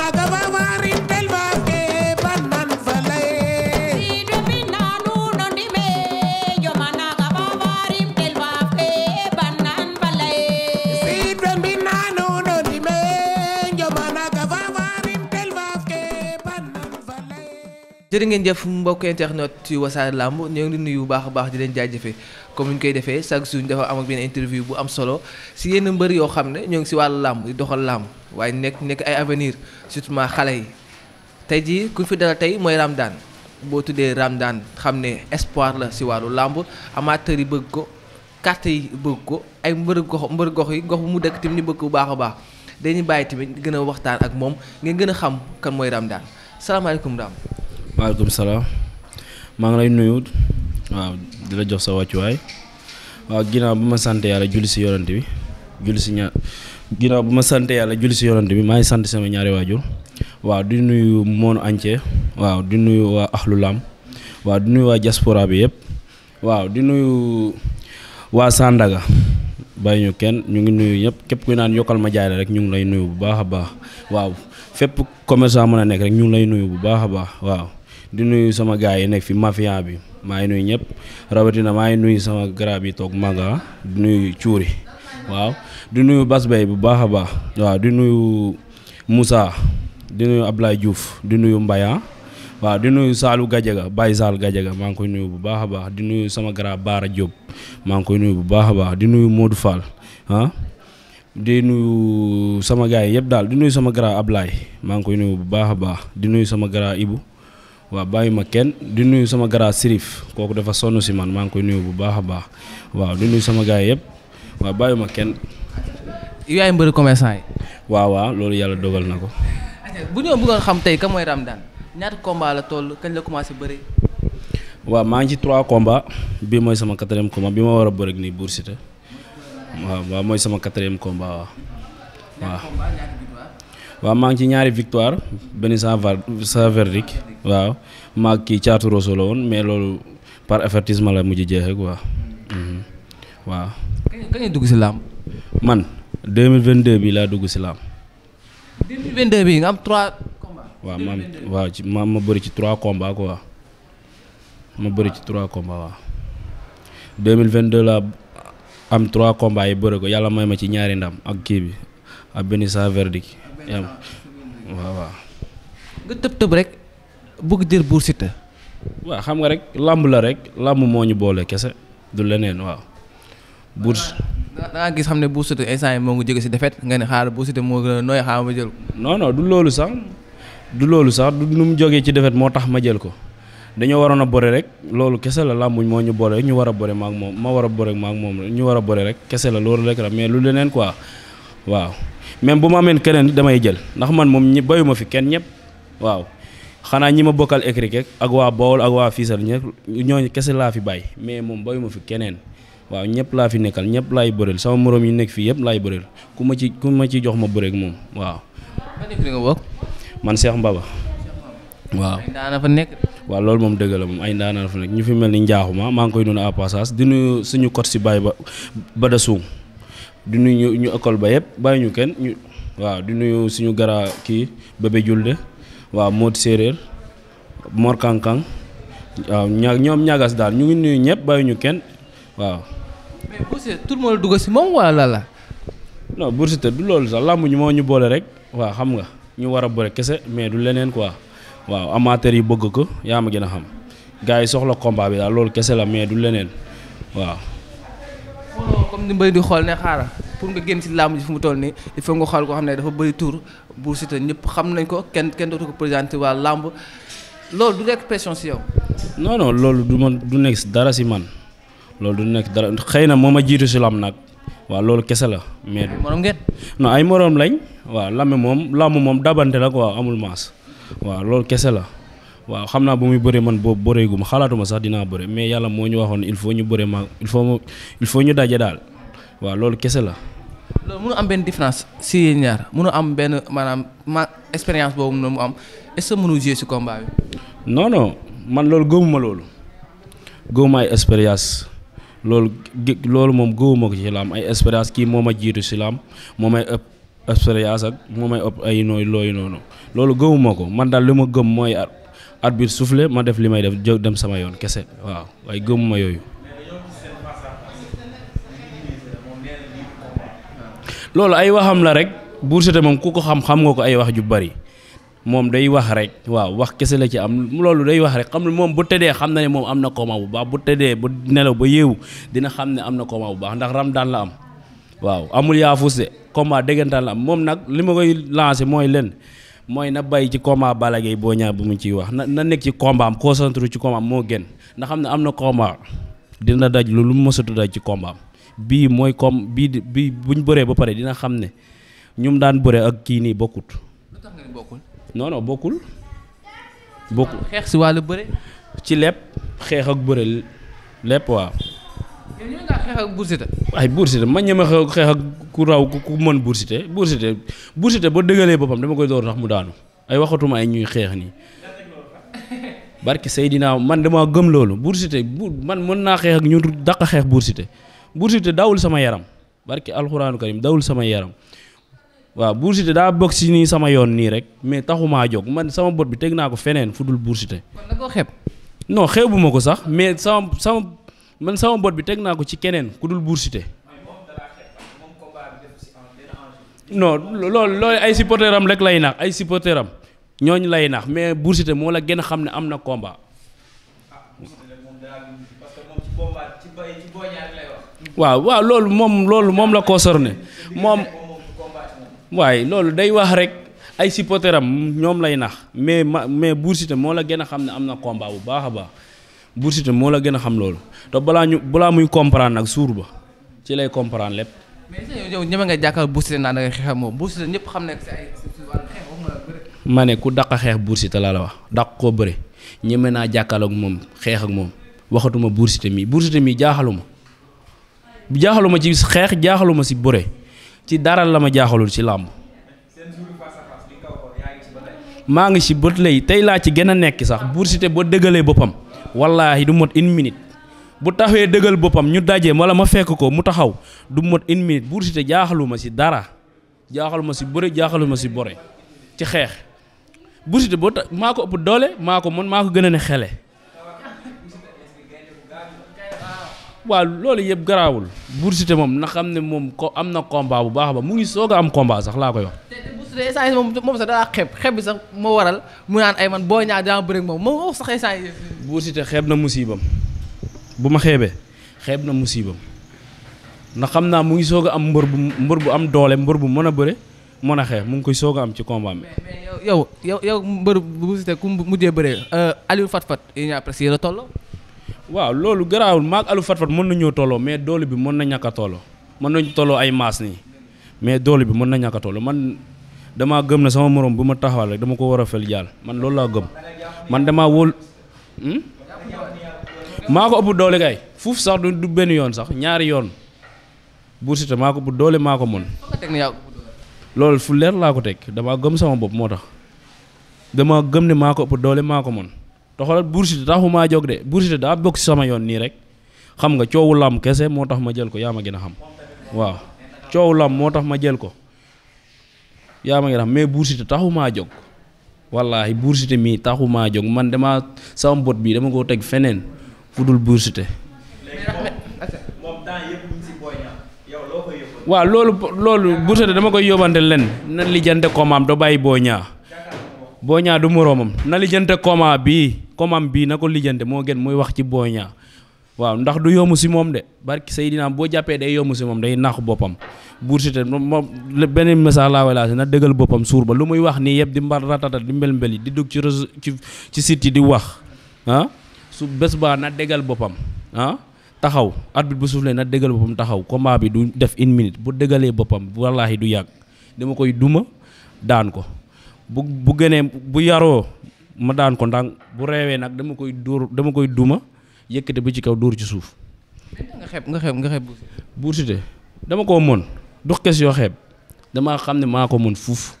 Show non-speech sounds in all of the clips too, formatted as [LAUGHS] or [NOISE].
Monaga jërë ngeen jëf mbokk internet yu wasaare làmb ñoo ngi nuyu bu baax a baax di leen jaajëfee comme ni ñu koy defee chaque jour ñu dafa am ak benn interview bu am solo si yenn mbër yoo xam ne ñoo ngi si wàllu làmb di doxal làmb waaye nekk nekk ay avenir surtout ma xale yi tey jii ku fi dara tey mooy Ramdan boo tuddee Ramdan xam ne espoir la si wàllu làmb amateur yi bëgg ko carte yi bëgg ko ay mbër gox mbër gox yi gox bu mu dëkk tamit ñu bëgg ko bu baax a baax dañuy bàyyi tamit gën a waxtaan ak moom ngeen gën a xam kan mooy Ramdan salaamaaleykum Ram waaleykum salaam maa ngi lay nuyu waaw di la jox sa wàccuwaay waaw ginnaaw bu ma sant yàlla julli si yorante bi julli si ñaar bu ma sant yàlla julli si yorante bi maa ngi sant sama ñaari waajur waaw di nuyu monde entier waaw di nuyu waa Axlu Lam waaw di nuyu waa diaspora bi yëpp waaw di nuyu waa Sandaga bàyyi ñu kenn ñu ngi nuyu ñëpp képp kuy naan yokkal ma jaay la rek ñu ngi lay nuyu bu baax a baax waaw fépp commerçant mën a nekk rek ñu ngi lay nuyu bu baax a baax waaw. di nuyu sama gars yi nekk fi mafia bi maa ngi nuyu ñëpp rawatina maa ngi nuyu sama garab yi toog manga di nuyu cuuri waaw di nuyu Bas Bay bu baax a baax waaw di nuyu Moussa di nuyu ablaay Diouf di nuyu Mbaya waaw di nuyu Saalu Gajaga Baye Saal Gajaga maa ngi koy nuyu bu baax baax di nuyu sama garab Baara Diop maa ngi koy nuyu bu baax a baax di nuyu Modou Fall ah. di nuyu sama gaa yi yëpp daal di nuyu sama garab Ablaye maa ngi koy nuyu bu baax a baax di nuyu sama garab Ibu waaw bàyyi ma kenn di nuyu sama garaa Sirif kooku dafa sonn si man maa ngi koy nuyu bu baax a baax waaw di nuyu sama gars yëpp waa bàyyi ma kenn. yaay mbëri commerçant yi. waaw waaw loolu yàlla dogal na ko. bu ñu bëggoon xam tey kan mooy Ramdan ñaata combat la toll kañ la commencé bëri. waaw maa ngi ci trois combats bii mooy sama quatrième combat bi ma war a bëri nii Boursita waaw waaw mooy sama quatrième combat waaw. waaw waa maa ngi ci ñaari victoire benn sans var sans waaw maa kii caatu roso woon mais loolu par avertissement la mujj jeexee quoi mhm. waaw. kañ dugg si làmb. man 2022 bi laa dugg si làmb. 2022 nga am 3 combats. waaw ma am ci ma ma bëri ci 3 combats quoi ma bëri ci 3 combats waaw 2022 laa am 3 combats yi bëri ko yàlla may ma ci ñaari ndam ak kii bi ak benn sans verdict yaa waaw waaw. nga tëb tëb rek bëgg jël Buur Siteu. waaw xam nga rek làmb la rek làmb moo ñu boole kese du leneen waaw. Buur da gis xam ne Buur Siteu instant yi moo ngi jóge si defet nga ne xaar Buur moo gën a nooy xaar ma jël ko. non du loolu sax du loolu sax du nu mu jógee ci defet moo tax ma jël ko dañoo waroon a bore rek loolu kese la làmbuñ moo ñu boole rek ñu war a bore maak moom ma war a bore maak moom ñu war a bore rek kese la loolu rek mais lu leneen quoi même bu ma ameen keneen damay jël ndax man moom ñi bayuma fi kenn ñëpp waaw xanaa ñi ma bokkal écrit ak waa Bawol ak waa Fiisal ñëpp ñooñu kese laa fi bàyyi mais moom bayuma fi keneen waaw ñëpp laa fi nekkal ñëpp laay bëreel sama moroom yi nekk fii yëpp laay bëreel ku ma ci ku ma ci jox ma bëreeg moom waaw. man Cheikh Mbaba. waaw daana fa nekk. waaw loolu moom dëgg la moom ay daana fa nekk ñu fi mel ni njaaxuma maa ngi koy nuyu à passage di nuyu suñu kot si baay ba Bada Soum di nuyu ñu école ba yëpp bàyyi ñu kenn waaw di nuyu suñu gara kii Bébé de waaw Moot Séeréer Mor waaw ña ñoom ñagas daal ñu ngi nuyu ñëpp bàyyi ñu kenn waaw. mais Boursité tout si moom wala la. non Boursité du loolu sax làmb moo ñu boole rek waa xam nga ñu war a bëre kese mais du leneen quoi waaw amateur yi bëgg ko yaa ma gën a xam gars yi soxla komba bi daal loolu kese la mais du leneen waaw. comme ni mbay di xool ne xaaral pour nga génn ci làmb ji fu mu toll nii il faut nga xool koo xam ne dafa bëri tour si Siteu ñëpp xam nañ ko kenn kenn dootu ko présenté waa làmb loolu du nekk pression si yow. non non loolu du ma du nekk ci dara si man loolu du nekk dara xëy na moom ma jiitu ci làmb nag waa loolu kese la mais. morom ngeen. non ay morom lañ waaw làmb moom làmb moom dabante la quoi amul maas waaw loolu kese la. waaw xam naa bu muy bëre man boobu bëreeguma xalaatuma sax dinaa bëre mais yàlla moo ñu waxoon il faut ñu bëre ma il faut il faut ñu daje daal waaw loolu kese la. loolu mënu am benn différence si ñaar mënu am benn maanaam ma expérience boobu noonu mu am est-ce que man loolu gëmuma loolu gëmuma ay loolu loolu moom gëmuma ko ci laam ay expérience kii moo ma jiitu si laam moo may ëpp expérience ak ëpp ay nooy noonu loolu gëmuma ko man daal li ma gëm mooy arbitre soufflé ma def li may def jóg dem sama yoon kese waaw waaye gëmuma yooyu. loolu ay waxam la rek Bou Siteu moom ku ko xam xam nga ko ay wax ju bari moom day wax rek waaw wax kese la ci am loolu day wax rek xam ne moom bu tëddee xam na ne moom am na combat bu baax bu tëddee bu nelaw ba yeewu dina xam ne am na combat bu baax ndax ram daan la am waaw amul yaafus de combat la am moom nag li ma koy lancé mooy leen mooy na bàyyi ci combat Balla boo Boy Niang bu mu ciy wax na na nekk ci combat koo concentré ci combat moo gën na xam ne am na combat dina daj lu mu mësatu daj ci combat bii mooy comme bii bii buñ bëree ba pare dina xam ne ñum daan bëree ak kii nii bokkut. lu bokkul. non bokkul. bokkul xeex si wàllu bëre. ci lépp xeex ak bëre lépp waaw. yéen ñoo ngi xeex ak Bou Siteu. ay Bou Siteu xeex ak ku raw ku mën Bou Siteu Bou Siteu Bou Siteu ba dëggalee boppam dama koy door tax mu daanu ay waxatuma ay ñuy xeex nii. [LAUGHS] barke Seydina man damaa gëm loolu Bou Siteu bu man mën naa xeex ak ñu daq xeex Bou Siteu dawul sama yaram barke alxuraanu karim dawul sama yaram waaw Bou daa bokk nii sama yoon nii rek mais taxumaa jóg man sama bot bi teg naa ko feneen fu dul Bou Siteu. kon da koo ko sax mais man sama bot bi teg naa ko ci keneen ku dul Buur Siteu non loolu loolu ay supporteram rek lay naax ay supporteram ñooñu lay naax mais Buur moo la gën a xam ne am na combat. waaw waaw loolu moom loolu moom la concerné moom waaye loolu day wax rek ay supporteram ñoom lay nax mais ma mais Buur moo la gën a xam ne am na komba bu baax a baax. Bou moo la gën a xam loolu te balaa ñu balaa muy comprendre ak suur ba ci lay comprendre lépp. yow ñeme ngay jàkkaar Bou naa naan da nga xeex moom Bou Siteu ñëpp xam nañ si ma ne ku daq xeex Bou la la wax dàq koo bëre ñeme naa jàkkaarloog moom xeex ak moom waxatuma Bou Siteu mii Bou Siteu mii jaaxaluma jaaxaluma ci xeex jaaxaluma si bëre ci dara la ma jaaxalul ci làmb maa ngi ci bët lay tey laa ci gën a nekk sax Bou Siteu ba dëggalee boppam. wallaahi du mot une minute bu taxwee dëggal boppam ñu daje wala ma fekk ko mu taxaw du mot une minute Bou Siteu jaaxaluma si dara jaaxaluma si bëre jaaxaluma si bore ci xeex Bou Siteu boo ta maa ko ëpp doole maa ko mën maa ko gën a ne xele waaw loolu yëpp garaawul Bou moom na xam ne moom ko am na combat bu baax ba mu ngi soog a am komba sax laa ko wax te instant yi moom moom sax dalaa xeeb xeeb bi sax moo waral mu naan ay man boo ñaar daa bëri moom moo wax sax instant yi Bou Siteu xeeb na musiibam bu ma xeebee xeeb na musiibam ndax xam naa mu ngi soog a am mbër bu mbër bu am doole mbër bu mën a bëre mën a xeex mu ngi koy soog a am ci combat bi. mais yow yow yow mbër Bou Siteu ku mujjee bëree euh, Aliou Fat Fat yi ñaa presque yéen a tolloo. waaw loolu garaawul maag Aliou Fat Fat mën nañoo tolloo mais doole bi mën na ñàkk a tolloo mën nañu tolloo ay maas nii mais doole bi mën na ñàkk damaa gëm ne sama moroom bu ma taxawal rek dama ko war a fel jàll man loolu laa gëm man damaa wóol hmm? maa ko ëpp doole kay fuuf sax du benn yoon sax ñaari yoon Bou Siteu maa ko ëpp doole maa ko mën loolu fu leer laa ko teg damaa gëm sama bopp moo tax damaa gëm ne maa ko ëpp doole maa ko mën te xoolal Bou Siteu maa jóg de Bou Siteu daa bokk sama yoon nii rek xam nga coowu lam kese moo tax ma jël ko yaa ma gën a xam waaw coow lam moo tax ma jël ko yaa ma ngi xam mais Buur Siteu taxumaa jóg wallaahi Buur Siteu mii taxumaa jóg man dama sama bot bi dama koo teg feneen fu dul Buur Siteu waaw loolu loolu Buur Siteu dama koy yóbbante len na li jante komaam do bàyyi boo ñaa boo du moroomam na lijjante jante komaa bii komaam bii na ko lijjante moo gën muy wax ci boo ñaa waaw ndax du yomb si moom de barki Seydina boo jàppee day yomb si moom day nax boppam Buur Siteu moom beneen message laa na dëggal boppam suur ba lu muy wax nii yëpp di mbar ratata di mbel mbel yi di dugg ci réseau ci ci site yi di wax ah. su bés baa na dëggal boppam ah taxaw arbitre bu suuflee na dëggal boppam taxaw combat bi du def une minute bu dëggalee boppam wallaahi du yàgg dama koy duma daan ko bu bu gënee bu yaroo ma daan ko ndànk bu reewee nag dama koy dóor dama koy duma yëkkate bu ci kaw dóor ci suuf. nga xeeb nga xeeb nga xeeb Bou dama koo mën du xes yoo xeeb damaa xam ne maa ko mën fuuf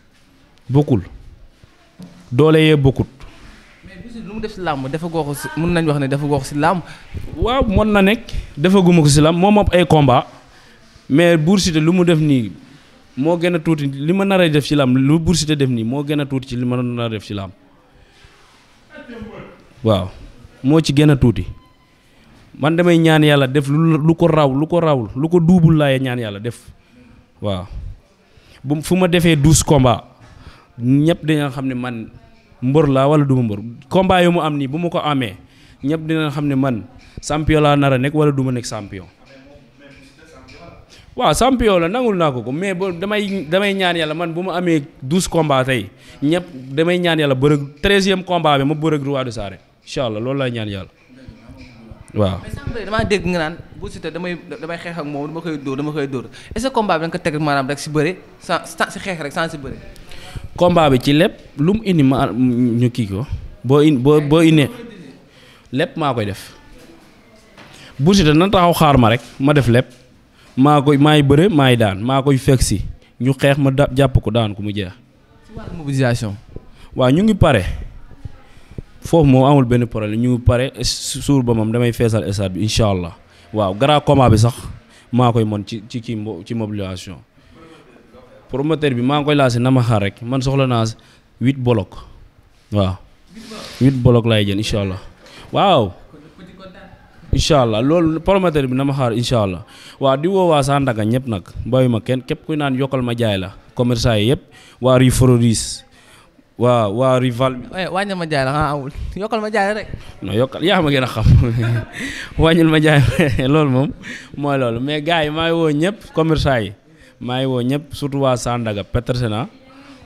bokkul doole yee bokkut. lu mu def si làmb dafa goo mën nañ wax ne dafa goo ko si làmb waaw mën na nekk dafa ko si làmb moom ab ay combat mais Bou Siteu lu mu def nii moo gën a tuuti li ma nar def ci làmb lu Bou Siteu def nii moo gën a tuuti ci li ma nar a def ci làmb waaw moo ci gën a tuuti man damay ñaan yàlla def lu lu ko raw lu ko rawul lu ko duubul laay ñaan yàlla def waaw bu fu ma defee douze combats ñëpp dina xam ne man mbër laa wala du ma mbër combat yu mu am nii bu ma ko amee ñëpp dina xam ne man champion laa nar a nekk wala du ma nekk champion. waaw champion la nangul naa ko ko mais ba damay damay ñaan yàlla man bu mu amee douze combats tey ñëpp damay ñaan yàlla bërëg treizième combat bi ma bërëg roi de Saré incha allah loolu laay ñaan yàlla. waaw mais damaa dégg nga naan Bou Siteu damay damay xeex ak moom dama koy dóor dama koy dóor est-ce bi da ko teg maanaam rek si bëre sa si xeex rek sans si bëre. combat bi ci lépp lu mu indi ma ñu kii ko boo in boo boo indee lépp maa koy def Bou Siteu na taxaw xaar ma rek ma def lépp maa koy maay bëre maay daan maa koy fekk si ñu xeex ma jàpp ko daan ko mu jeex. ci ñu ngi pare. foofu moom amul benn la ñu pare suur ba moom damay feesal stade bi incha allah waaw grand combat bi sax maa koy mon ci ci kii ci mobilisation promoteur bi maa ngi koy laase na ma xaar rek man soxla naa huit bolok waaw huit bolok laay jël incha allah waaw incha allah loolu promoteur bi na ma xaar incha allah waaw di woo waa Sandaga ñëpp nag bàyyi ma kenn képp kuy naan yokkal ma jaay la commerçant yi yëpp waa Rue Floris waa waa rival. wàññil ma jaay la ah awul yokkal ma jaay rek. non yokkal yaa ma gën a xam [LAUGHS] wàññil ma jaay [LAUGHS] loolu moom mooy loolu mais gars yi maa ngi woo ñëpp commerçant yi maa ngi woo ñëpp surtout waa Sandaga Petersen ah.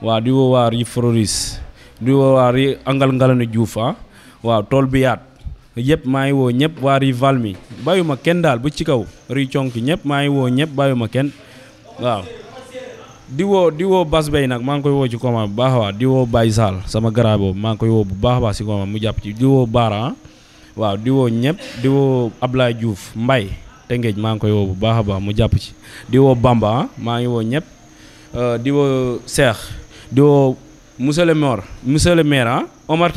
waa di woo waa ri Froris di woo waa ri Angal Ngalani Diouf ah. waaw tool bi yaat yëpp maa ngi woo ñëpp waa ri Valmy bàyyu ma kenn daal bu ci kaw ri conk ñëpp maa ngi woo ñëpp bàyyu ma kenn waaw. di woo di woo Bas Bay nag maa ngi koy woo ci combat bu baax a baax di woo Baye Sall sama garaa maa ngi koy woo bu baax a baax si combat mu jàpp ci di woo Baara ah. waaw di woo ñëpp di woo Ablaye mbay te ngeej maa ngi koy woo bu baax a baax mu jàpp ci di woo Bamba ah, maa ngi woo ñëpp euh, di woo Cheikh di monsieur le maire monsieur le maire ah maa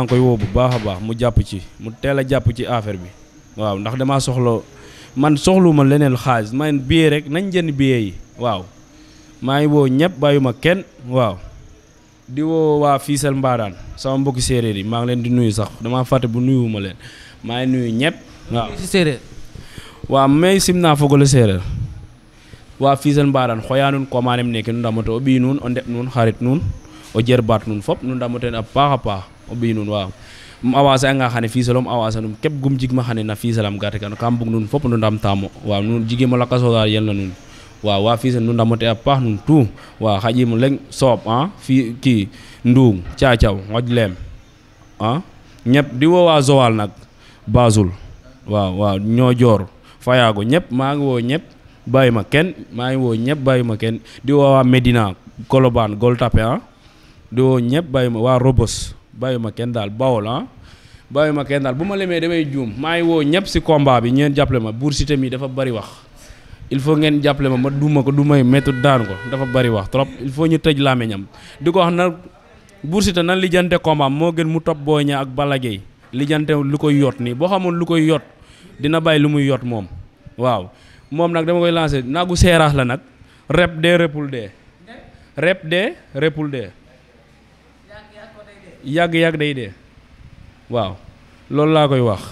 ngi koy woo bu baax a baax mu jàpp ci mu teel a jàpp ci affaire bi waaw ndax dama soxla man soxlu ma leneen xaalis man billet rek nañ jënd billet yi waaw maa ngi woo ñëpp bàyyuma kenn waaw di woo waa Fiisal Mbaadaan sama mbokki séeréer yi maa ngi leen di nuyu sax damaa fàtte bu nuyuwuma leen maa ngi nuyu ñëpp waaw si séeréer waaw mais sim naa fogole séeréer waa Fiisal Mbaadaan xoyaa nun komanem neke nu ndamata o bii nuun o ndeɓ nuun xarit nuun o jerbaat nuun fop nu ndamaten a paax a paax o ɓiy nuun waaw um awasé anga xane fiisalom awasa num képp gum jigma xane na fiisalam garte kano kam bug nuun fop nu ndamtaamo waaw waa fii sen nu ndamote a paax num tout waaw xaƴiim leŋ soob ah fii ki nduum caacaw ngoj leem ah ñëpp di woo waa nag basul waa waaw ñoo joor fayaago ñëpp maa ngi woo ñëpp bàyyi ma kenn maa ngi woo ñëpp bàyyi ma kenn di woo waa Medina Colobane Gueule Tapée ah di woo ñëpp bàyyi ma waa Robos bàyyi ma kenn daal Bawol ah bàyyi ma kenn daal bu ma lemee damay juum maa ngi woo ñëpp si combat bi ñeen jàppale ma Bour Siteu mi dafa bari wax il faut ngeen jàppale ma ma duma ko du may métti daanu ko dafa bari wax trop il faut ñu tëj làmmiñam di ko wax na Bou Siteu nan lijjante combat moo gën mu topp Boy Niang ak Balla Gaye lijjante lu koy yot nii boo xamoon lu koy yot dina bàyyi lu muy yot moom waaw moom nag dama koy lancé naagu seeraas la nag rep dee repul dee rep dee repul dee yàgg-yàgg day dee waaw loolu laa koy wax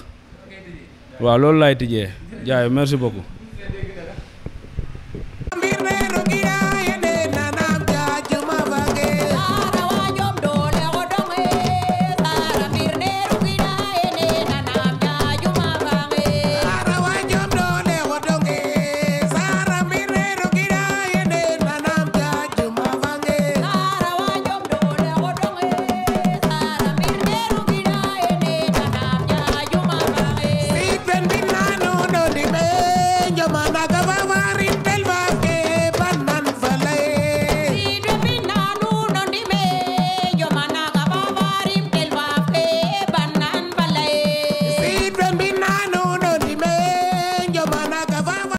waaw loolu laay tijjee jaay merci beaucoup